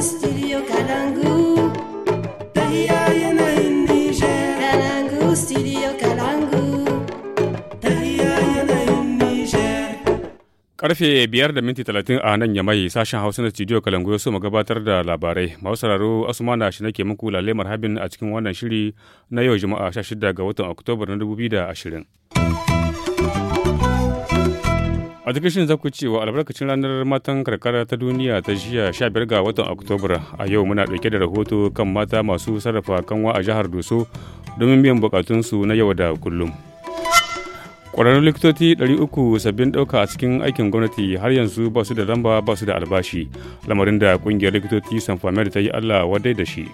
studio Karfe biyar da minti talatin a nan yamai sashen Hausa na studio Kalangu ya so mu gabatar da labarai. Masu sauraro Asumana shi nake muku lalemar habin a cikin wannan shiri na yau Juma'a 16 ga watan Oktoba na 2020. a duk shirin za ku cewa albarkacin ranar matan karkara ta duniya ta jiya biyar ga watan oktoba a yau muna ɗauke da rahoto kan mata masu sarrafa kanwa a jihar doso domin biyan bukatunsu na yau da kullum ƙwararrun likitoci uku sabbin ɗauka a cikin aikin gwamnati har yanzu ba su da lamba ba su da albashi lamarin da ƙungiyar likitoci sanfamer ta yi allah wadai da shi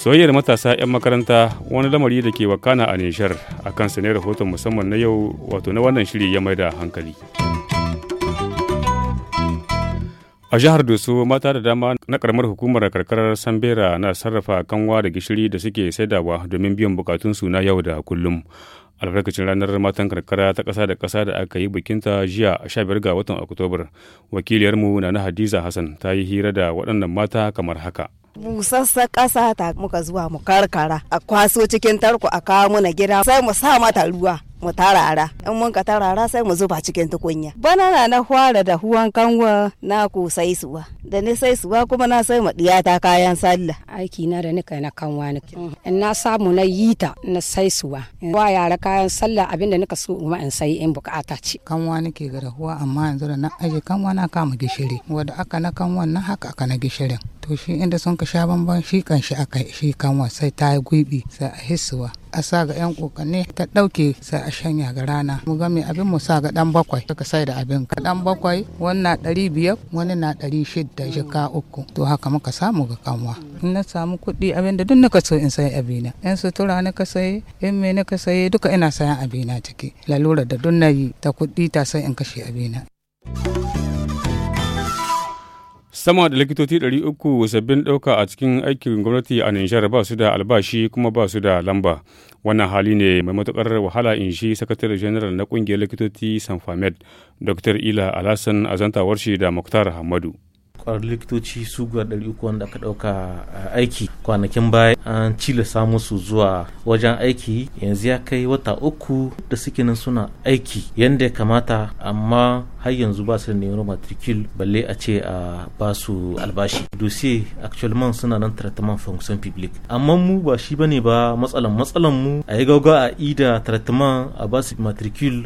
soyayyar matasa 'yan makaranta wani lamari da ke wakana a nishar a kan ne rahoton musamman na yau wato na wannan shiri ya mai da hankali a jihar doso mata da dama na karamar hukumar karkarar sambera na sarrafa kanwa da gishiri da suke saidawa domin biyan bukatunsu na yau da kullum albarkacin ranar matan karkara ta ƙasa da kasa da aka yi bikinta jiya 15 ga watan oktobar wakiliyarmu na na hadiza hassan ta yi hira da waɗannan mata kamar haka busassa ƙasa ta muka zuwa mu karkara a kwaso cikin tarko a kawo muna gida sai mu sa mata ruwa mu tarara in mun ka tarara sai mu zuba cikin tukunya Bana na fara da huwan kanwa na ku sai suwa da ni sai suwa kuma na sai mu diyata kayan sallah aiki na da nika na kanwa ni in na samu na yi ta na sai suwa wa yara kayan sallah abinda nika so kuma in sai in bukata ce kanwa nike ga rahuwa amma yanzu da na aje kanwa na kama gishiri wanda aka na kanwan na haka aka na gishirin to shi inda sun ka sha bamban shi kan shi aka shi kanwa sai ta yi gwibi sai a hisuwa a sa ga yan kokanni ta ɗauke sai a shanya ga rana mu ga mai abin mu sa ga ɗan bakwai ka sai da abin ka dan bakwai wannan ɗari biyar wani na ɗari shida jika uku to haka muka samu ga kanwa in na samu kuɗi abin da duk naka so in sayi abina yan sutura na ka sayi yan me na ka sayi duka ina sayan abina ciki lalura da duk yi ta kuɗi ta sai in kashe abina. Sama da likitoci uku sabbin ɗauka a cikin aikin gwamnati a Nijar ba su da albashi kuma ba su da lamba. Wannan hali ne mai matuƙar wahala in shi sakatare general na ƙungiyar likitoci Sanfamed, Dr. Ila Alasan a zantawar shi da Muktar Hamadu. kwar likitoci su guda ɗari uku wanda aka ɗauka aiki kwanakin baya an cilasa su zuwa wajen aiki yanzu ya kai wata uku da suke nan suna aiki yadda ya kamata amma har yanzu ba su da neman matrikil balle a ce a ba su albashi dossier man suna nan traitement fonction public amma mu ba shi bane ba matsalan matsalan mu a yi gauga a ida traitement a ba su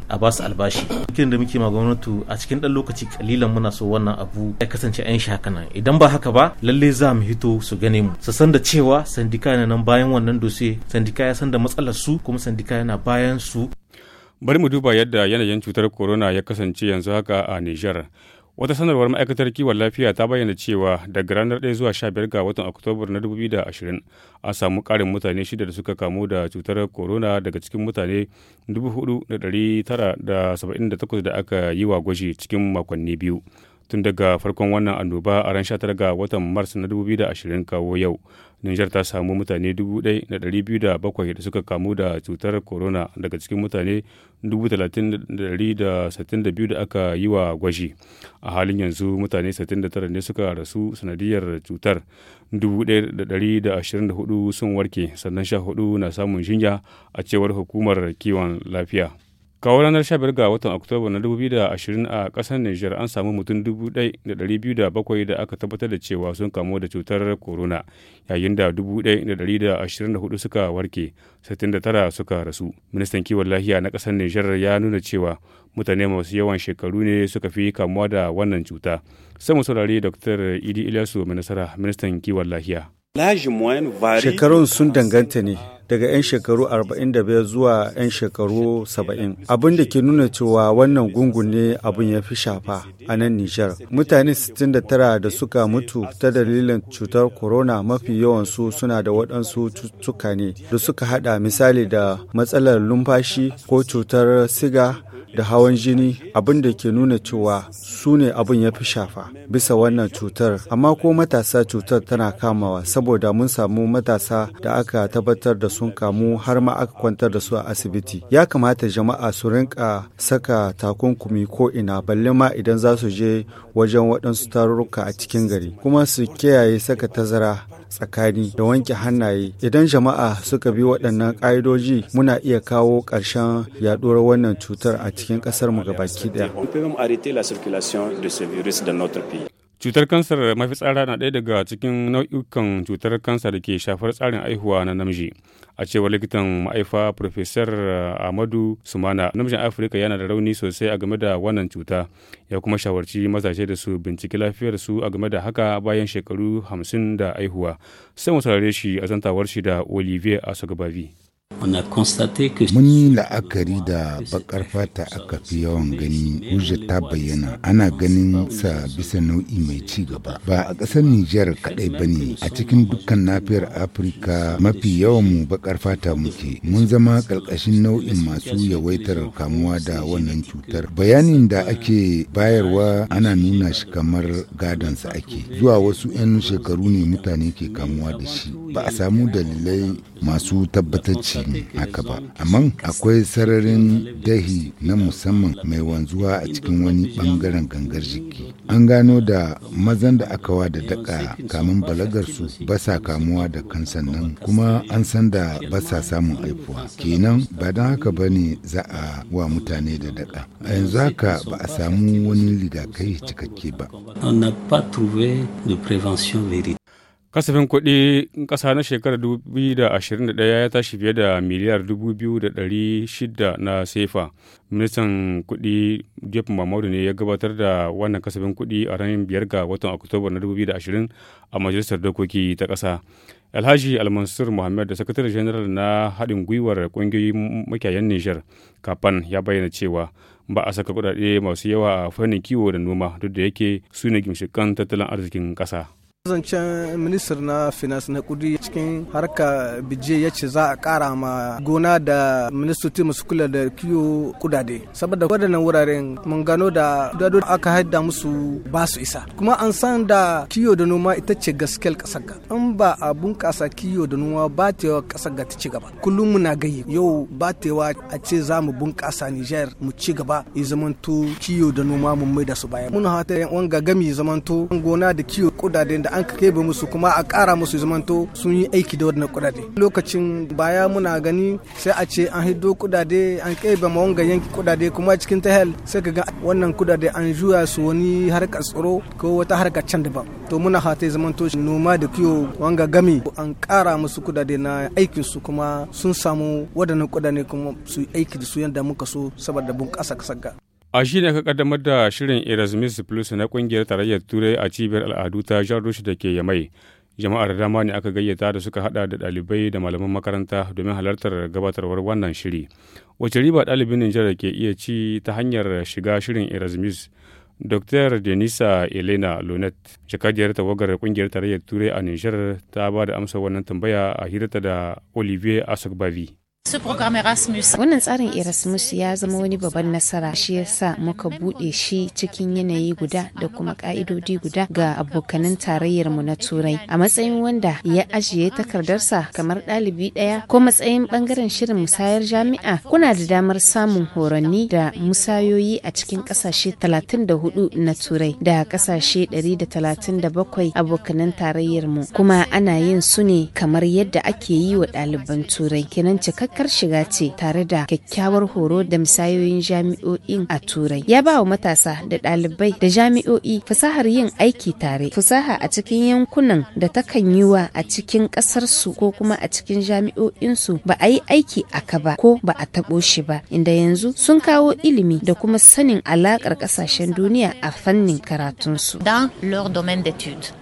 a ba su albashi kin da muke ma gwamnati a cikin ɗan lokaci kalilan muna so wannan abu ya kasance 'yan shi nan idan ba haka ba lalle za mu hito su gane mu su san da cewa sandika na nan bayan wannan dose sandika ya san da matsalar su kuma sandika yana bayan su bari mu duba yadda yanayin cutar corona ya kasance yanzu haka a niger wata sanarwar ma'aikatar kiwon lafiya ta bayyana cewa daga ranar 1 zuwa 15 ga watan oktobar na 2020 a samu karin mutane shida da suka kamu da cutar corona daga cikin mutane 4,978 da aka yi wa gwaji cikin makonni biyu tun daga farkon wannan annoba a ran 19 ga watan mars na 2020 kawo yau nijar ta samu mutane 1,207 da suka kamu da cutar corona daga cikin mutane 30,162 da aka yi wa gwaji a halin yanzu mutane 69 ne suka rasu sanadiyar cutar 1,124 sun warke sannan 14 na samun jinya a cewar hukumar kiwon lafiya kawo ranar 15 ga watan oktoba na 2020 a kasar niger an samu mutum 1,207 da aka tabbatar da cewa sun kamu da cutar corona yayin da 1,124 suka warke 69 suka rasu ministan kiwon lafiya na kasar niger ya nuna cewa mutane masu yawan shekaru ne suka fi kamuwa da wannan cuta sai mu saurari dr idi ilyasu mai nasara ministan kiwon lafiya Shekarun sun danganta ne daga 'yan shekaru 45 zuwa 'yan shekaru 70 abin da ke nuna cewa wannan gungun ne abin ya fi shafa a nan Nijar. Mutane 69 da suka mutu ta dalilin cutar corona mafi yawansu suna da waɗansu cuttuka ne da suka hada misali da matsalar numfashi ko cutar siga da hawan jini abin da ke nuna cewa su ne abin ya fi shafa bisa wannan cutar amma ko matasa cutar tana kamawa saboda mun samu matasa da aka tabbatar da sun kamu har ma aka kwantar da su a asibiti ya kamata jama'a su rinka saka takunkumi ko ina balle ma idan za su je wajen waɗansu tarurruka a cikin gari kuma su kiyaye saka tazara tsakani da wanke hannaye idan jama'a suka bi waɗannan ƙa'idoji muna iya kawo ƙarshen yaɗuwar wannan cutar a cikin ƙasar mu gabaki ɗaya. Cutar kansar mafitsara na ɗaya daga cikin nau'ikan cutar kansa da ke shafar tsarin aihuwa na namiji. A cewar likitan ma'aifa Profesor amadu Sumana, namijin Afirka yana da rauni sosai a game da wannan cuta, ya kuma shawarci mazaje da su binciki lafiyar su a game da haka bayan shekaru hamsin da aihuwa. Sai mu saurare shi a zantawar shi da Olivier Asogabavi. Mun yi la'akari da bakar fata aka fi yawan gani hujja ta bayyana ana ganin sa bisa nau'i mai ci gaba. Ba a ƙasar Nijar kaɗai ba ne a cikin dukkan nafiyar Afirka mafi yawan mu bakar fata muke. Mun zama ƙarƙashin nau'in masu yawaitar kamuwa da wannan cutar. Bayanin da ake bayarwa ana nuna shi kamar gadonsa ake. Zuwa wasu 'yan shekaru ne mutane ke kamuwa da shi. Ba a samu dalilai masu tabbatacci mu haka ba amma akwai sararin dahi na musamman mai wanzuwa a cikin wani bangaren gangar jiki an gano da mazan da aka wa da daka kamun balagarsu ba sa kamuwa da kansan nan kuma an san da ba sa samun haifuwa kenan ba don haka ba ne za a wa mutane da daka a yanzu haka ba a samu wani lidakai cikakke ba kasafin kuɗi ƙasa na shekarar 2021 ya tashi fiye da miliyar 2,600 na sefa ministan kuɗi jeff mamadu ne ya gabatar da wannan kasafin kuɗi a ranar biyar ga watan oktoba na 2020 a majalisar dokoki ta ƙasa alhaji almansur muhammad da sakataren janar na haɗin gwiwar ƙungiyoyin makiyayen nijar kafan ya bayyana cewa ba a saka kuɗaɗe masu yawa a fannin kiwo da noma duk da yake su ne tattalin arzikin ƙasa zancen minister na finance na kudi cikin harka bije ya ce za a kara ma gona da ministoci masu kula da kiyo kudade saboda waɗannan wuraren mun gano da kudado aka haida musu ba su isa kuma an san da kiyo da noma ita ce gaskiyar ƙasar ga an ba a bunƙasa kiyo da noma ba ta yawa ƙasar ga ta ci gaba kullum muna gayi yau ba ta yawa a ce za mu bunƙasa Nijar mu ci gaba ya zamanto kiyo da noma mun mai da su baya muna hata wanga gami zamanto gona da kiyo kudaden da an ka ba musu kuma a ƙara musu zamanto sun yi aiki da wannan kudade. lokacin baya muna gani sai a ce an hiddo kudade an kebe ma wanga yanki kudade kuma cikin hel sai ka ga wannan kudade an juya su wani harkar tsaro ko wata harkar can daban to muna hata zamanto noma da kiwo wanga gami an ƙara musu kudade na aikin su kuma sun samu wadannan kudade kuma su aiki da su yadda muka so saboda bunƙasa kasar A shi ne ka kaddamar da shirin Erasmus Plus na kungiyar tarayyar Turai a cibiyar al'adu ta Jardush da ke Yamai. Jama'ar dama ne aka gayyata da suka hada da dalibai da malaman makaranta domin halartar gabatarwar wannan shiri. Wace riba dalibin Nijar ke iya ci ta hanyar shiga shirin Erasmus? Dr. Denisa Elena Lunet, jakadiyar tawagar kungiyar tarayyar Turai a Nijar ta ba da amsa wannan tambaya a hirarta da Olivier Asogbavi. Wannan tsarin Erasmus ya zama wani babban nasara shi yasa muka buɗe shi cikin yanayi guda da kuma ƙa'idodi guda ga abokanan mu na Turai. A matsayin wanda ya ajiye takardarsa kamar ɗalibi ɗaya ko matsayin ɓangaren shirin musayar jami'a kuna da damar samun horanni da musayoyi a cikin ƙasashe 34 na Turai da ƙasashe 137 abokanan mu, kuma ana yin su ne kamar yadda ake yi wa ɗaliban Turai kenan cikak Kar shiga ce tare da kyakkyawar horo da misayoyin jami'o'in a turai ya ba wa matasa da ɗalibai da jami'o'i fasahar yin aiki tare fasaha a cikin yankunan da takan yi wa a cikin ƙasarsu ko kuma a cikin jami'o'insu ba a yi aiki a ka ba ko ba a taɓo shi ba inda yanzu sun kawo ilimi da kuma sanin alaƙar ƙasashen duniya a fannin karatunsu. Dans leur domaine d'études.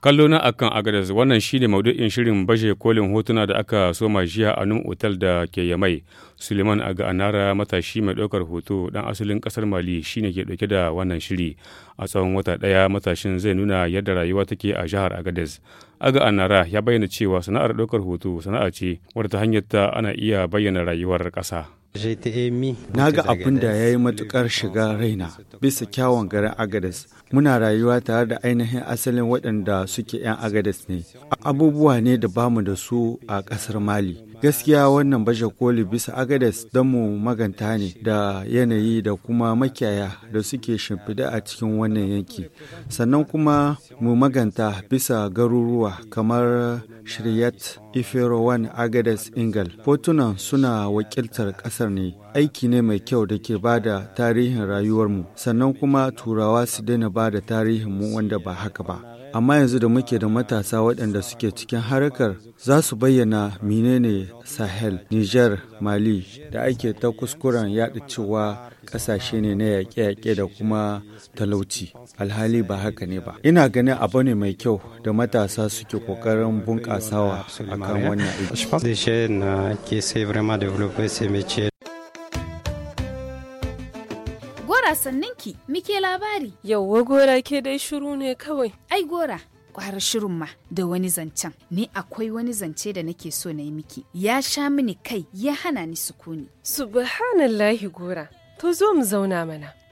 kallo na akan agadas wannan shine maudu'in shirin baje kolin hotuna da aka soma jiya a nun otal da ke yamai suleiman aga anara matashi mai ɗaukar hoto dan asalin ƙasar mali shine ke ɗauke da wannan shiri a tsawon wata ɗaya matashin zai nuna yadda rayuwa take a jihar agadas aga anara ya bayyana cewa sana'ar ɗaukar hoto sana'a ce wadda ta hanyar ta ana iya bayyana rayuwar ƙasa Na ga abin da ya yi matukar shiga raina bisa kyawun garin Agadez. Muna rayuwa tare da ainihin asalin waɗanda suke 'yan Agadez ne. Abubuwa ne da bamu da su a ƙasar Mali. Gaskiya wannan baje koli bisa Agades don mu maganta ne da yanayi da kuma makiyaya da suke shimfida a cikin wannan yanki. Sannan kuma mu maganta bisa garuruwa kamar Shiryat, Iferowan, Agades, Ingal. Fotunan suna wakiltar ƙasar ne. Aiki ne mai kyau da ke ba da tarihin rayuwarmu. Sannan kuma turawa su daina ba da mu wanda ba haka ba. amma yanzu da muke da matasa waɗanda suke cikin harkar za su bayyana menene Sahel, Niger, Mali da ake ta kuskuren yaɗa cewa ƙasashe ne na yaƙe-yaƙe da kuma talauci. Alhali ba haka ne ba. Ina ganin abu ne mai kyau da matasa suke kokarin bunƙasawa a kan wannan aiki. Euh, gora sanninki, muke labari. Yauwa gora ke dai shiru ne kawai. Ai gora, kwara shirin ma da wani zancen ni akwai wani zance da nake so na yi miki ya sha mini kai ya hana ni sukuni subhanallahi gora to zo mu zauna mana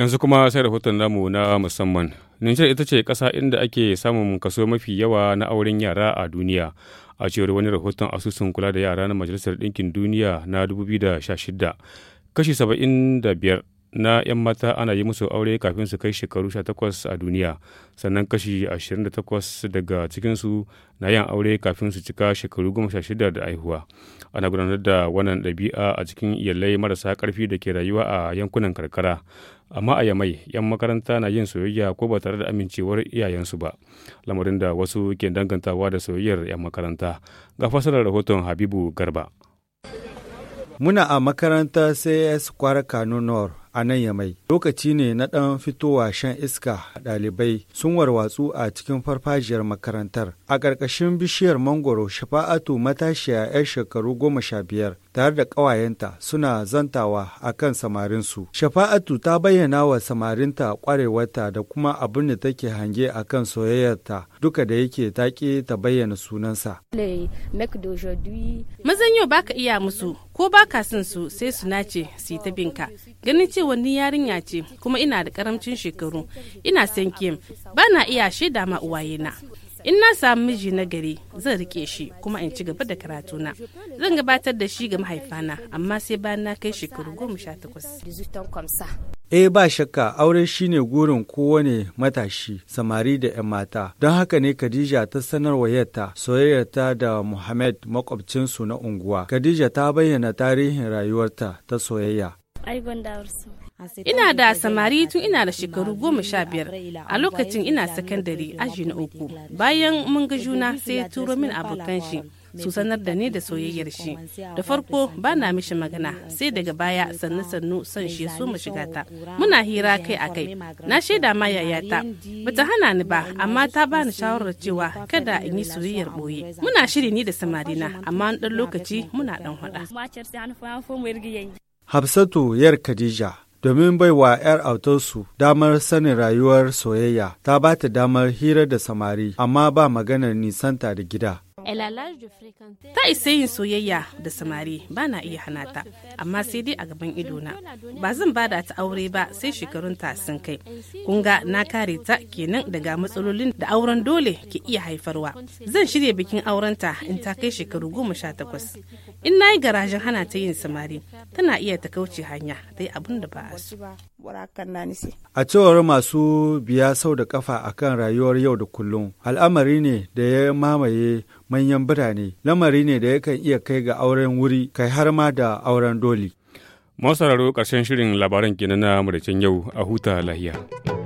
Yanzu kuma sai rahoton namu na musamman. Nijar ita ce ƙasa inda ake samun kaso mafi yawa na auren yara a duniya. A cewar wani rahoton asusun kula da yara na Majalisar Ɗinkin Duniya na 2016, kashi 75 na 'yan mata ana yi musu aure kafin su kai shekaru 18 a duniya sannan kashi 28 daga cikinsu na yin aure kafin su cika shekaru 16 da aihuwa ana gudanar da wannan ɗabi'a a cikin iyalai marasa ƙarfi da ke rayuwa a yankunan karkara amma a yamai 'yan makaranta na yin soyayya ko ba tare da amincewar iyayensu ba lamarin da wasu ke dangantawa da soyayyar 'yan makaranta ga fasarar rahoton habibu garba muna a makarantar cs kwara kano nor a nan yamai lokaci ne na ɗan fitowa shan iska ɗalibai sun warwatsu a cikin farfajiyar makarantar a ƙarƙashin bishiyar mangoro shafa'atu matashiya 'yar shekaru goma sha biyar tare da ƙawayenta suna zantawa a kan samarinsu shafa'atu ta bayyana wa samarinta ƙwarewarta da kuma abin da take hange a kan soyayyarta duka da yake ta ta bayyana sunansa mazan yau baka iya musu ko ba ka son su sai su nace su yi ta binka ganin cewa ni yarinya ce kuma ina da karamcin shekaru ina san kim ba na iya shaida ma uwaye na in na samu miji na gari zan rike shi kuma in ci gaba da karatuna zan gabatar da shi ga mahaifana amma sai bayan na kai shekaru goma sha takwas Eh ba shakka aure shine gurin kowane matashi samari da 'yan mata don haka ne Khadija ta wa yarta soyayyarta da Muhammad makwabcinsu na unguwa. Khadija ta bayyana tarihin rayuwarta ta soyayya. Ina da samari tun ina da shekaru goma sha biyar a lokacin ina sakandare aji na uku bayan mun ga juna sai turo min abokan shi su sanar da ni da soyayyar shi da farko ba na mishi magana sai daga baya sannu sannu son shi so mu shiga ta muna hira kai a kai na shaida ma ta bata hana ni ba amma ta ba ni shawarar cewa kada in yi soyayyar boye muna shiri ni da samari na amma dan lokaci muna dan hada Hafsatu yar Khadija domin baiwa wa 'yar autarsu damar sanin rayuwar soyayya ta ba ta damar hira da samari amma ba maganar nisanta da gida Ta isa yin soyayya da samari ba na iya hana ta, amma sai dai a gaban idona. Ba zan bada ta aure ba sai shekarun ta sun kai. Kunga na kare ta kenan daga matsalolin da auren dole ke iya haifarwa. Zan shirya bikin aurenta in ta kai shekaru goma sha takwas. In na yi garajin hana ta yin samari, tana iya ta kauce hanya, dai abun abin da ba a so. A cewar masu biya sau da kafa a kan rayuwar yau da kullum, al'amari ne da ya mamaye manyan birane, lamari ne da yakan iya kai ga auren wuri, kai har ma da auren doli. Masu sauraro ƙarshen shirin labaran kenan na yau a huta lahiya.